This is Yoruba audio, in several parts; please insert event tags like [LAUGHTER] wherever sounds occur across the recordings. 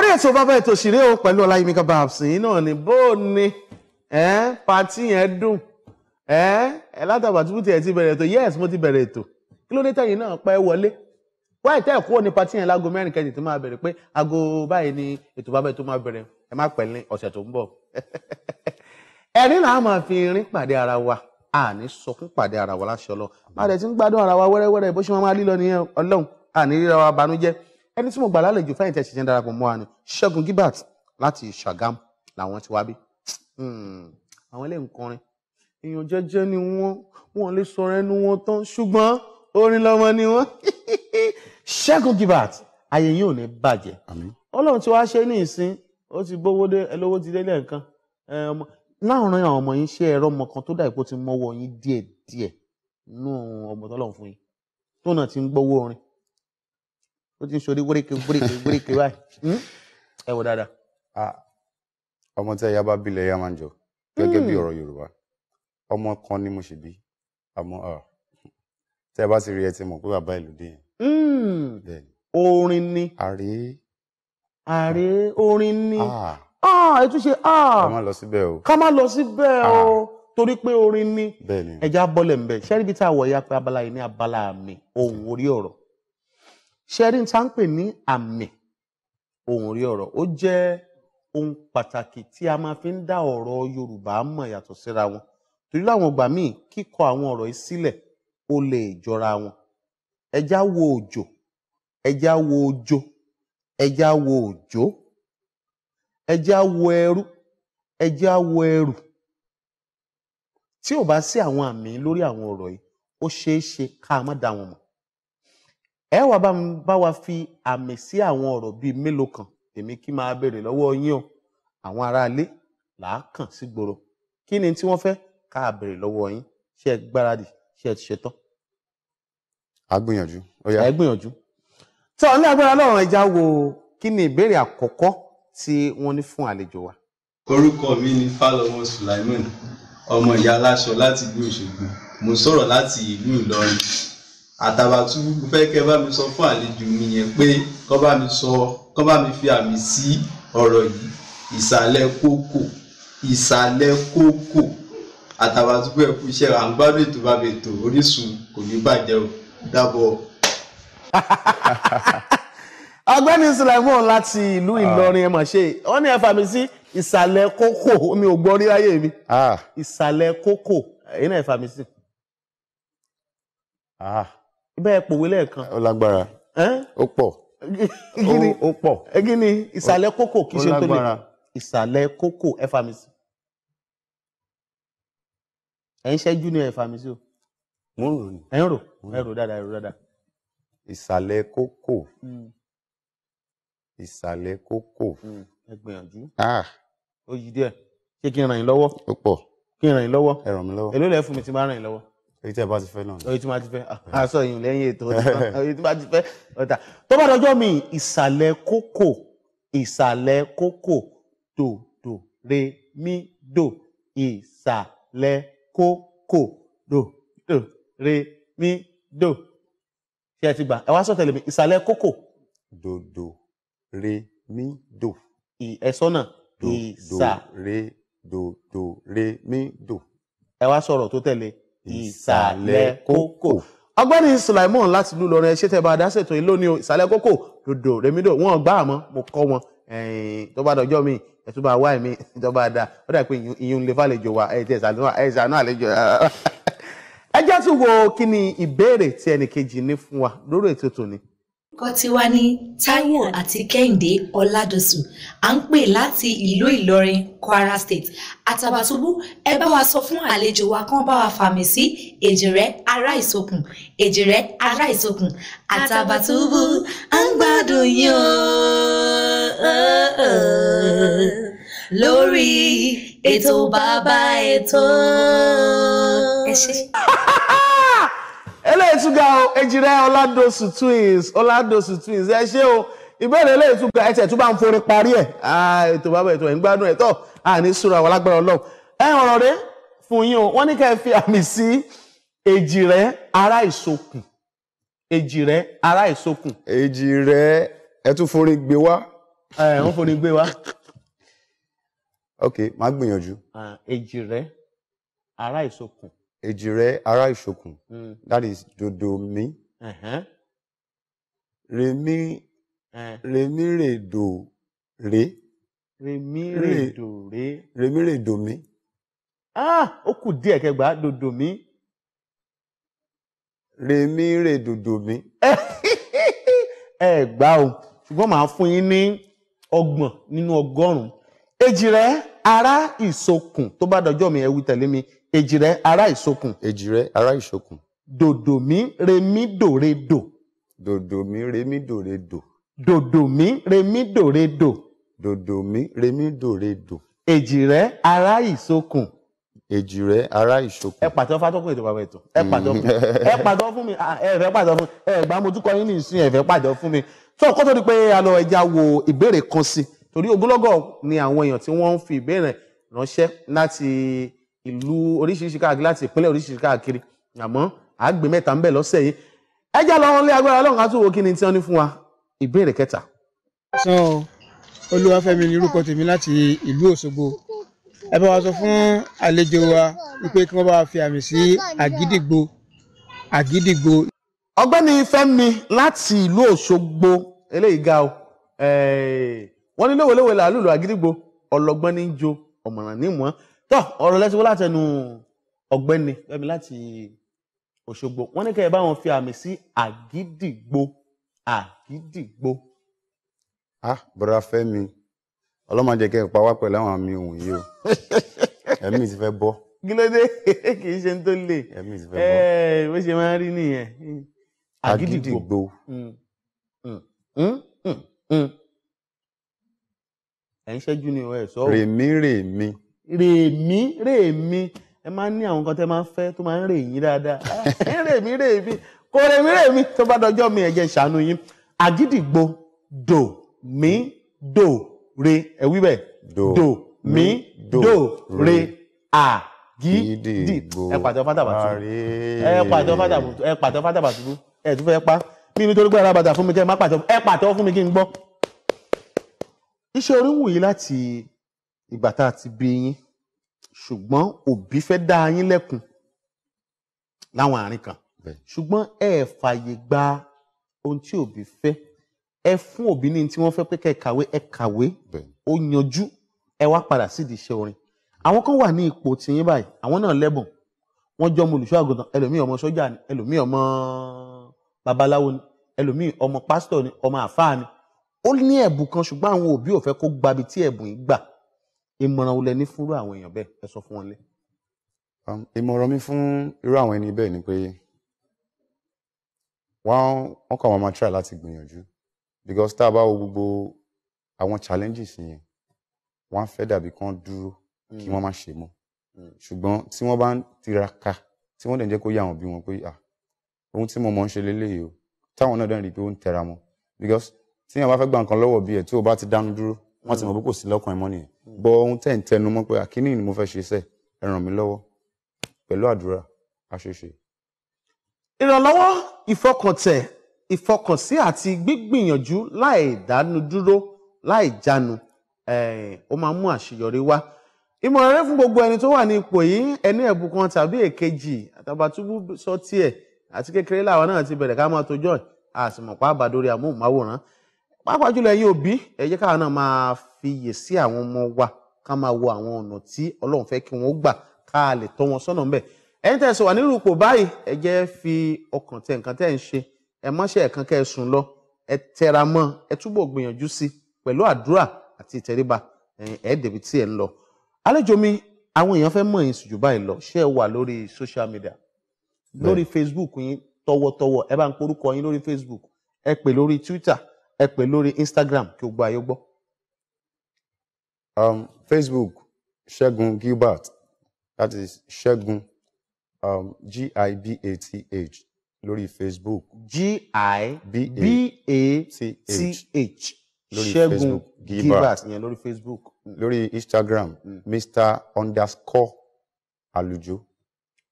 orí ètò bàbá ètò òṣèré o pẹ̀lú ọláyímíkà bàbsìn náà ni bó o ní pàtí yẹn dùn ẹ látàbà tí bùtì ẹ ti bẹ̀rẹ̀ ètò yes mo ti bẹ̀rẹ̀ ètò kí ló dé tẹ̀yìn náà pẹ́ wọlé wá ìtẹ́ ẹ̀kọ́ ní pàtí yẹn láago mẹ́rin kẹ́jì tó máa bẹ̀rẹ̀ pé aago báyìí ni ètò bàbá ètò máa bẹ̀rẹ̀ ẹ má pẹ́ ní ọ̀sẹ̀ tó ń bọ̀ [LAUGHS] ẹ̀rín làá máa fi rin pàdé ara wa àní sọkún pàdé ara wa láṣọ lọ má dẹ̀ ti ń gbádùn ara wa wẹ́rẹ́wẹ́rẹ́ bó ṣe máa máa lílọ nìyẹn ọlọ́run àní ríra wa banújẹ́ ẹni tí mo gbà lálejò fẹ́yìn tẹ́ ṣiṣẹ́ darapọ̀ mọ́ wa ni Ṣẹ́gun Gilbert láti Ṣàgámù làwọn ti wá bí hmm, àwọn ilé nkọrin èèyàn jẹ́jẹ́ ni wọ́n wọ́n lè sọ̀rọ̀ ẹnu wọn tán ṣùgbọ́n orin lọ́mọ ni wọ́n [LAUGHS] Ṣẹ́gun Gilbert ayé yín ò ní bàjẹ́ Ọlọ́run tí wàá ṣe ní ìsín ó ti gbówó dé ẹlówó ti délé nǹkan ọmọ láàrin àwọn ọmọ yín ṣé ẹ̀rọ ọmọ kan tó dà ipò ti mọ́wọ́ yín díẹ̀díẹ̀ nínú ọmọ tọ́lọ́run fún yín tó náà ti ń gbówó orin ó ti ń sori wéréke wéréke wéréke báyìí hmm? ẹ wò dáadáa. ọmọ tí ẹyà bá bilẹ̀ ẹyà máa ń jọ gẹ́gẹ́ bí hmm. ọ̀rọ̀ Yorùbá ọmọ kan ni mo ṣe bí àmọ́ tẹ́ ẹ bá ti rí ẹ ti mọ̀ pé bàbá ìlú dé yẹn. Hmm. orin ni. àrí. àrí orin ni. ẹ tún ṣe. ká má lọ síbẹ̀ o. ká má lọ síbẹ̀ o torí pé orin ni. ẹja bọ́lẹ̀ ń bẹ̀ ṣẹ́ríbi tá a wọ̀ ya pé abala yìí ní abala mi ohun orí ọ̀rọ̀ ṣẹ́rí tá ń pè ní àmì ohun rí ọ̀rọ̀ ó jẹ́ ohun pàtàkì tí a máa fi ń dá ọ̀rọ̀ Yorùbá mọ̀ yàtọ̀ síra wọn torí láwọn ọgbà míì kíkọ àwọn ọ̀rọ̀ yìí sílẹ̀ ó lè jọra wọn ẹja wo òjò ẹja wo ojo ẹja wo òjò ẹja wo ẹrú ẹja wo ẹrù tí ò bá sí àwọn àmì lórí àwọn ọ̀rọ̀ yìí ó ṣeé ṣe ká má dá wọn mọ̀ ẹ wà bá mi bá wa fi àmì sí àwọn ọ̀rọ̀ bíi mélòó kan èmi kí máa béèrè lọ́wọ́ yín o àwọn aráalé làá kàn sí gbòòrò kí ni tí wọ́n fẹ́ ká béèrè lọ́wọ́ yín ṣé ẹ gbáradì ṣé ẹ ti ṣetán. a gbìyànjú ó yá. ẹ gbìyànjú. tó ní agbára lọ́rùn ẹja wo kí ni ìbéèrè àkọ́kọ́ tí wọ́n ní fún àlejò wa. orúkọ mi ni Fálọmọ Sulaiman ọmọ ìyá aláṣọ láti ìlú Òṣogbo mo sọ̀rọ̀ láti ìlú Ìlọrin àtàbàtú mo fẹ́ kẹ́ bá mi sọ fún àlejò mi yẹn pé kọ́ bá mi sọ kọ́ bá mi fi àmì sí ọ̀rọ̀ yìí ìsàlẹ̀ kókò ìsàlẹ̀ kókò àtàbàtú bẹ́ẹ̀ kú iṣẹ́ à ń gbádùn ètò bá mi tò Orísun kò ní bàjẹ́ o dábọ̀. [LAUGHS] ọ̀gbẹ́ni Sulaimon láti ìlú ah. Ìlọrin ẹ mà ṣe wọ́n ní ẹ fà mí sí ìsàlẹ̀ kókò omi ò gbọ́ rí láyé mi ah. ìsàlẹ̀ kókò èyí náà ẹ fà mí sí. Ah bẹ́ẹ̀ pòwe lẹ́ẹ̀kan. ó lágbára ó pọ̀ ó pọ̀. gíní ìsàlẹ̀ kókò kì í ṣe tó lè ìsàlẹ̀ kókò ẹ fà mí sí. ẹ̀ ń ṣẹ́jú ní ẹ fà mí sí o. mo ń rò ní. ẹ ń rò ẹ rò dáadáa ẹ rò dáadáa. ìsàlẹ̀ kókò hmm. ìsàlẹ̀ kókò. Hmm. ẹ gbìyànjú. Ah. ó yí díẹ̀ ṣé kí n ràn yín lọ́wọ́. ó pọ̀. kí n ràn yín lọ́wọ́. ẹ ràn mí lọ́wọ́. èló lẹ fún mi tí n bá ràn yín lọ́wọ́ èyí tí ẹ bá ti fẹ́ náà. èyí tí wọ́n ti fẹ́ aṣọ ah, ah, ìyìn lẹ́yìn ètò [LAUGHS] èyí tí wọ́n ti fẹ́ ọ̀tà tó bá dọjọ́ mi ìsàlẹ̀ kókò ìsàlẹ̀ kókò do do re mi do ìsàlẹ̀ kókò do do re mi do ṣé ẹ ti gbà ẹ wá sọ tẹ̀lé mi ìsàlẹ̀ kókò. do do re mi do. ẹ̀sọ́ náà ìsà. do do re mi do. ẹ wá sọ̀rọ̀ tó tẹ̀lé ìsàlẹ̀ kókò. ọgbẹ́ni sulaimon láti ìlú Ìlọrin ẹṣẹ́ tẹ́ bá dá ṣètò yìí lónìí ìsàlẹ̀ kókò dòdò rèmídò wọn gbá àmọ́ mo kọ́ wọn tó bá dọjọ́ mi ẹ̀tún bá wá mi tó bá da ó dà pé ìyún lè fàlejò wa ẹ̀ tẹ̀ ẹ̀sánú àlejò. [LAUGHS] ẹ jẹ́ tún wo kí ni ìbéèrè tí ẹnìkejì ní fún wa lórí ètò tòní Orúkọ tiwa ni Táíwò àti Kẹ́hìndé Ọládọ̀sù à ń pè láti ìlú Ìlọrin Kwara State Àtàbàtúbú ẹ bá wa sọ fún àlejò wa kán bá wa fàmì sí èjìrẹ́ ará ìsokùn èjìrẹ́ ará ìsokùn Àtàbàtúbú à ń gbádùn yín lórí ètò bàbá ètò. ẹ ṣe tún ga o Ejire Oladosu twins Oladosu twins ẹ ṣé o ìbéèrè lè tún ga ẹsẹ̀ tún bá ń forí parí ẹ̀ ètò bàbá ètò ẹ̀ ń gbádùn ẹ̀ tọ́ àní súra wà lágbára Ọlọ́run ẹ ọ̀rọ̀ rẹ fún yín o wọ́n ní kẹ́ ẹ fi àmì sí Ejire ara ìsokùn Ejire ara ìsokùn. Ejire ẹ tún forí gbé wá. ẹ ń forí gbé wá. ok màá gbìyànjú. Ejire ara ìsokùn. èjìrẹ́ ará ìṣòkùn hmm. that is dòdò mi rèmi rèmi rèdò rè rèmi rèdò rè rèmi rèdò mi. ah ó kù díẹ̀ kẹgbà dòdò mi. rèmi rèdòdò mi. [LAUGHS] ẹ gbà o ṣùgbọ́n màá fún yín ní ọgbọ̀n nínú ọgọ́rùn-ún èjìrẹ́ ará ìṣòkùn tó bá dọjọ́ mi ẹ wí tẹ̀lé mi èjì Ara Isokun. ìsokùn. Ara Isokun. Dodo mi remi dòre dò. dòdò mi remi dòre dò. dòdò mi remi dòre dò. dòdò mi remi dòre dò. èjì rẹ ará ìsokùn èjì rẹ ará ìṣokùn. ẹ pàtẹ ọfà tó kún ètò bàbá ètò ẹ pàtẹ fún mi ẹ pàtẹ fún mi ẹ fẹ́ pàtẹ fún mi ẹ gbà mo tún kọ yín ní ẹ fẹ́ pàtẹ fún mi. tó kó tó di pé a lọ ẹja wo ìbéèrè kan sí torí ogúnlọ́gọ̀ ni àwọn èèyàn tí wọ́n ń fi ìbéèrè ránṣẹ́ láti ìlú oríṣiríṣi káàkiri láti ìpínlẹ̀ oríṣiríṣi káàkiri àmọ́ àgbè mẹ́ta ń bẹ lọ́sẹ̀ yìí ẹjẹ́ lọ́wọ́n lé agbára ọlọ́run ká tó wo kí ni tí wọ́n ní fún wa ìbéèrè kẹta. sọ olúwafẹ́mi ni orúkọ tèmi láti ìlú Òṣogbo ẹ bá wa sọ fún àlejò wa wípé kí wọ́n bá wa fi àmì sí àgídìgbò àgídìgbò. ọ̀gbẹ́ni Fẹ́mi láti ìlú Òṣogbo eléyìí ga o wọ́n ní léwòléwò làálùlù àgídìgbò ọlọ́gbọ́n ní í jó ọ̀mọ̀ràn ní ìwọ̀n tó ọ̀rọ̀ lẹ́sìnwó látẹnu ọ̀gbẹ́ni Fẹ́mi láti Òṣogbo wọ́n ní kẹ́yẹ báwọn fi àmì sí àgídìgbò àgídìgbò. a ah, bọ́dà Fẹ́mi ọlọ́mọdé kẹ́ ẹ pa wá pẹ̀lú àwọn àmì ohun yìí o [LAUGHS] ẹ̀mí ti fẹ́ bọ́. kí ló dé [LAUGHS] kì í ṣe tó lè ẹ̀mí ti fẹ́ bọ́ bó ṣe máa ń rí nìyẹn àgídìgbò. Mm, mm, mm, ẹ̀ ń ṣẹ́jú ni o ẹ̀ sọ. rèmí rèmí rèémí rèémí ẹ máa ń ní àwọn kan tẹ máa ń fẹ́ tó máa ń rè yín dáadáa [LAUGHS] ah, ẹ rèémí rèémí kò rèémí rèémí tó bá dọjọ́ mi ẹ̀jẹ̀ ṣàánú yín àgídìgbo dò mí dò re ẹ wí bẹ́ẹ̀ dò mí dò re à gídìgbo ẹ pàtẹ fátàbàtú ẹ pàtẹ fátàbàtú ẹ pàtẹ fátàbàtú ẹ tún fẹ́ pa mi nítorí pé alábàtà fún mi kẹ́ ẹ má pàtẹ ẹ pàtẹ fún mi kí n gbọ́. iṣẹ́ orí wù yí láti ìgbà tá a ti bí yín ṣùgbọ́n òbí fẹ́ dá yín lẹ́kun láwọn àárín kan ṣùgbọ́n ẹ fàyè gba ohun tí òbí fẹ́ ẹ fún òbí ní tí wọ́n fẹ́ pé kẹ́ kàwé ẹ kàwé ó yanjú ẹ wá padà sídìí iṣẹ́ orin àwọn kan wà ní ipò tìyín báyìí àwọn náà lẹ́bùn wọ́n jọ ọmọ olùṣọ́ àgùntàn ẹlòmíì ọmọ sọ́jà ni ẹlòmíì ọmọ babaláwo ni ẹlòmíì ọmọ pásítọ̀ ni ọmọ àfáà ni ó ní ẹ̀bùn kan ṣùgbọ́n àwọn òbí ò fẹ́ kó gbabi tí ẹ̀bùn yìí gbà ìmọ̀ràn wo lẹ ní fúnrú àwọn èèyàn bẹ́ẹ̀ ẹ sọ fún wọn lé. Um, ìmọ̀ràn mi fún irú àwọn ẹni bẹ́ẹ̀ ni pé wọ́n wọ́n kàn wọ́n máa try láti gbìyànjú because tá a bá wo gbogbo àwọn challenges yẹn wọ́n á fẹ́ dàbí kán dúró kí wọ́n hmm. má ṣe mọ́ hmm. ṣùgbọ́n tí wọ́n bá ń tiraka tí wọ́n dẹ̀ jẹ́ kó yé àwọn òbí wọn pé ohun tí mo mọ̀ ń ṣe leléyìí o táwọn náà dẹ̀ rí i pé ó ń tẹra mọ́ because tí èèyàn bá fẹ́ gba nǹkan lọ́wọ́ bí ẹ̀ tí o bá ti dánu dúró wọ́n ti mọ̀ pé kò sí lọ́kàn ẹ̀mọ́ nìyẹn hmm. bọ ohun tẹ̀ ń tẹnu mọ́ pé àkíní ni mo fẹ́ ṣe sẹ́ ẹ ràn mí lọ́wọ́ pẹ̀lú àdúrà àṣeṣe. ìrànlọ́wọ́ ìfọkàntẹ̀ ìfọkànsí àti gbígbìyànjú láì dánu dúró láì jánu eh, ó máa mú àṣeyọrí wá ìmọ̀ràn rẹ fún gbogbo ẹni tó wà ní ipò yìí ẹni ẹ̀bùn kan tàbí èkejì àtàbàtúbù sọ tiẹ̀ àti kékeré làwọn náà ti bẹ̀rẹ̀ ká máa tojọ́ àsìmọ̀pá àbàdórí amóhùnmáwòrán pàápàá jùlọ ẹ̀yin òbí ẹ jẹ́ káwọn náà máa fiyè sí àwọn ọmọ wa ká máa wo àwọn ọ̀nà tí ọlọ́run fẹ́ kí wọ́n gbà ká lè tọ́ wọn sọ́nà ńbẹ̀ ẹ̀yin tẹ̀sán wà nínú ipò báyìí ẹ jẹ́ fi ọkàn tẹ nǹkan tẹ́ ń ṣe ẹ mọ́ṣẹ́ ẹ̀kan kẹ́ ẹ sùn lọ ẹ tẹra mọ́ ẹ túbọ̀ gbìyànjú sí pẹ̀lú àdúrà àti ìtẹríba ẹ débi tí ẹ ń lọ. àlejò mi àwọn èèyàn fẹ́ mọ̀ yín sùjú báyìí social media lórí Facebook yín tọwọ́tọwọ́ ẹ bá ń porúkọ yín Facebook ẹ pè Twitter ẹ pè lórí Instagram kí o gbọ́ ayé gbọ́. Um, Facebook Ṣẹ́gun Gilbert that is Ṣẹ́gun um, G-I-B-A-T-H lórí Facebook. G-I-B-A-T-H lórí Facebook Gilbert Gilbert yẹn lórí Facebook. lórí Instagram mm. Mr underscore Alujo.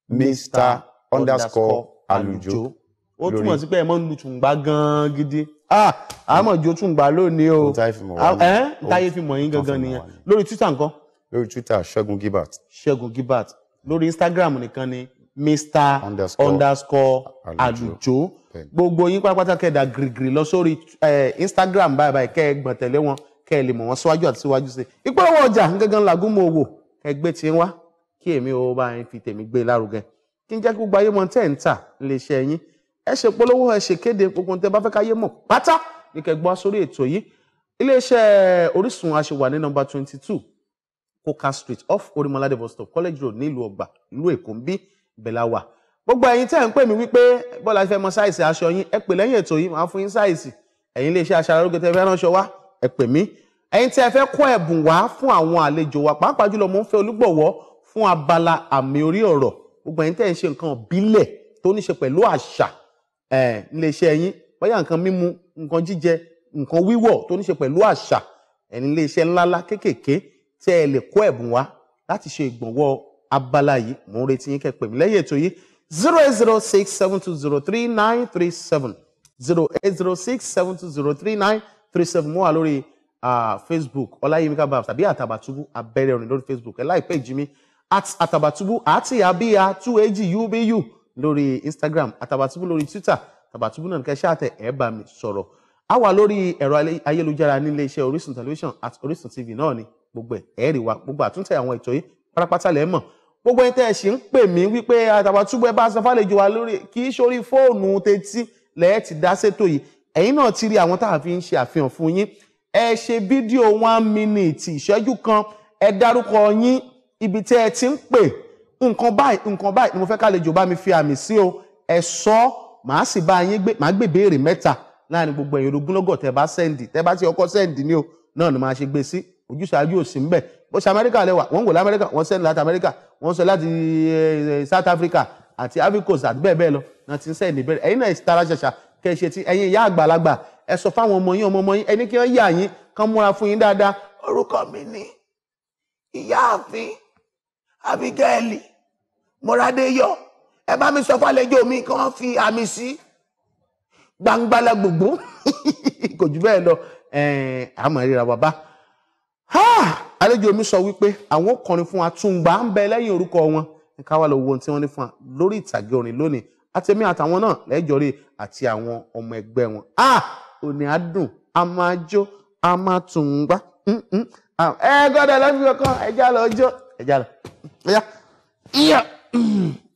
Mr underscore Alujo. ó túmọ̀ sí pé ẹ máa ń lu tùǹgbà gan-an gidi. Ah, àmọ́ ìjọ tún gbà lónìí o táyé fi mọ̀ yín gangan nìyẹn lórí twitter nǹkan. lórí twitter ṣẹ́gun gilbert. ṣẹ́gun gilbert lórí instagram nìkan ni mr underscore alujo gbogbo yín pátápátá kẹ́ẹ̀dá gírígírí lọ sórí instagram báyìí báyìí kẹ́ ẹ gbọ̀n tẹ̀lé wọn kẹ́ ẹ lè mọ̀ wọ́n síwájú àti síwájú sí i ìpolówó ọjà gangan làgùnmọ̀ owó ẹgbẹ́ tí ń wá kí èmi ò bá yín fi tèmi gbé lárugẹ kí n jẹ́ kí gbogbo ayé mọ̀ tẹ́ ń tà lè ṣe yín ẹ ṣe polówó ẹ ṣe kéde gbogbo tẹ bá fẹ́ káyé mọ̀ pátá ní kẹgbọ́n sórí ètò yìí iléeṣẹ́ Orísun aṣèwà ní nọ́mbà twenty two coca street off orimolade bus stop college road nílùú ọgbà ìlú èkó ń bí bẹ̀láwà gbogbo ẹ̀yin tẹ́ ń pè mí wípé bọ́lá fẹ́ mọ sáìsì aṣọ yín ẹ pè lẹ́yìn ètò yìí máa fún yín sáìsì ẹ̀yin iléeṣẹ́ aṣaralóge tẹ́ fẹ́ ránṣọ wá ẹ pè mí ẹ̀yin tẹ́ fẹ́ kó ẹ̀bùn wá fún àwọn àlejò wa pàápàá jùlọ mo ń fẹ́ olúgbọ̀wọ́ fún abala àmì orí ọ̀rọ̀ gbogbo ẹ̀yin tẹ́ ń ṣe nǹkan ìbílẹ̀ tó ní ṣe pẹ̀lú àṣà iléeṣẹ́ yín bóyá nǹkan mímu nǹkan jíjẹ nǹkan wíwọ̀ tó ní ṣe pẹ̀lú àṣà ẹni iléeṣẹ́ ńláńlá kéékèèké tẹ́ ẹ lè kó ẹ̀bùn wá láti ṣe ìgbọ̀nwọ́ abala yìí mò ń retí yín kẹ́pẹ́ mi lẹ́yìn ètò yìí zero eight zero six seven two zero three nine three seven zero eight zero six seven two zero three nine three seven mo wà lórí Facebook ọláyímíkà babs tàbí àtàbàtúbú abẹ́rẹ́ orin lórí Facebook ẹ̀ láìpẹ́ ìjì mi at àtàbàtúbú àti àbíyá two ag ubu lórí Instagram àtàbàtúbù lórí Twitter àtàbàtúbù náà kẹ́ ṣáàtẹ ẹ̀ bá mi sọ̀rọ̀ a wà lórí ẹ̀rọ ayélujára nílé iṣẹ́ Orísun television àti Orísun TV náà ni gbogbo ẹ̀ rí wa gbogbo àtúntẹ̀ àwọn ètò yìí pátápátá lẹ́ mọ̀ gbogbo ẹ̀ tẹ́ ẹ̀ sì ń pè mí wípé àtàbàtúbù ẹ bá sọ fàlejò wa lórí kì í sórí fóònù tetí lẹ́ẹ̀ ti dá sétò yìí ẹ̀yin náà ti rí àwọn tá a fi ń ṣe àfihàn fún yín ẹ ṣe fídíò one minute ìṣẹ́jú kan ẹ dárúkọ yín ibi tẹ́ ẹ ti ń pè nǹkan báyìí nǹkan báyìí ni mo fẹ́ kálejò bá mi fi àmì sí o ẹ sọ màá sì bá yín gbé màá gbé béèrè mẹ́ta láàrin gbogbo ẹ̀yin ológúnlọ́gọ̀ tẹ́ bá sẹ́ǹdì tẹ́ bá ti ọkọ sẹ́ǹdì ni o náà ni màá ṣe gbé sí ojúṣàájú òsì ńbẹ bó ṣe amẹ́ríkà lẹ́wà wọ́n ń wò lamẹ́ríkà wọ́n sẹ́ǹdì láti amẹ́ríkà wọ́n sọ láti South Africa àti africos àti bẹ́ẹ̀ bẹ́ẹ̀ lọ náà ti ń sẹ́ǹdì bẹ́ẹ̀ ẹ̀yin náà tara ṣàṣà kẹ́ ẹ ṣe ti ẹ̀yin ìyá àgbàlagbà ẹ sọ fáwọn ọmọ yín ọmọ ọmọ yín ẹni kí wọ́n yà yín kán múra fún yín dáadáa orúkọ mi ni ìyáàfin Abigail mọ́ràdé yọ ẹ bá mi sọ fálejò mi kí wọ́n fi àmì sí gbangbala gbogbo [LAUGHS] kò jù bẹ́ẹ̀ lọ àmọ́ ìríra bàbá àlejò mi sọ wípé àwọn kọrin fún Àtúngbà ń bẹ lẹ́yìn orúkọ wọn ká wá lọ wo ohun tí wọ́n ní fún wa lórí ìtàgé orin lónìí àtẹ̀mí àtàwọn náà lẹ́jọ́ rè àti àwọn ọmọ ẹgbẹ́ wọn òní àdùn a máa jó a máa Àtúngbà ẹ gbọ́dọ̀ lọ́fíìsì kan ẹ lọ jó ẹ 嗯。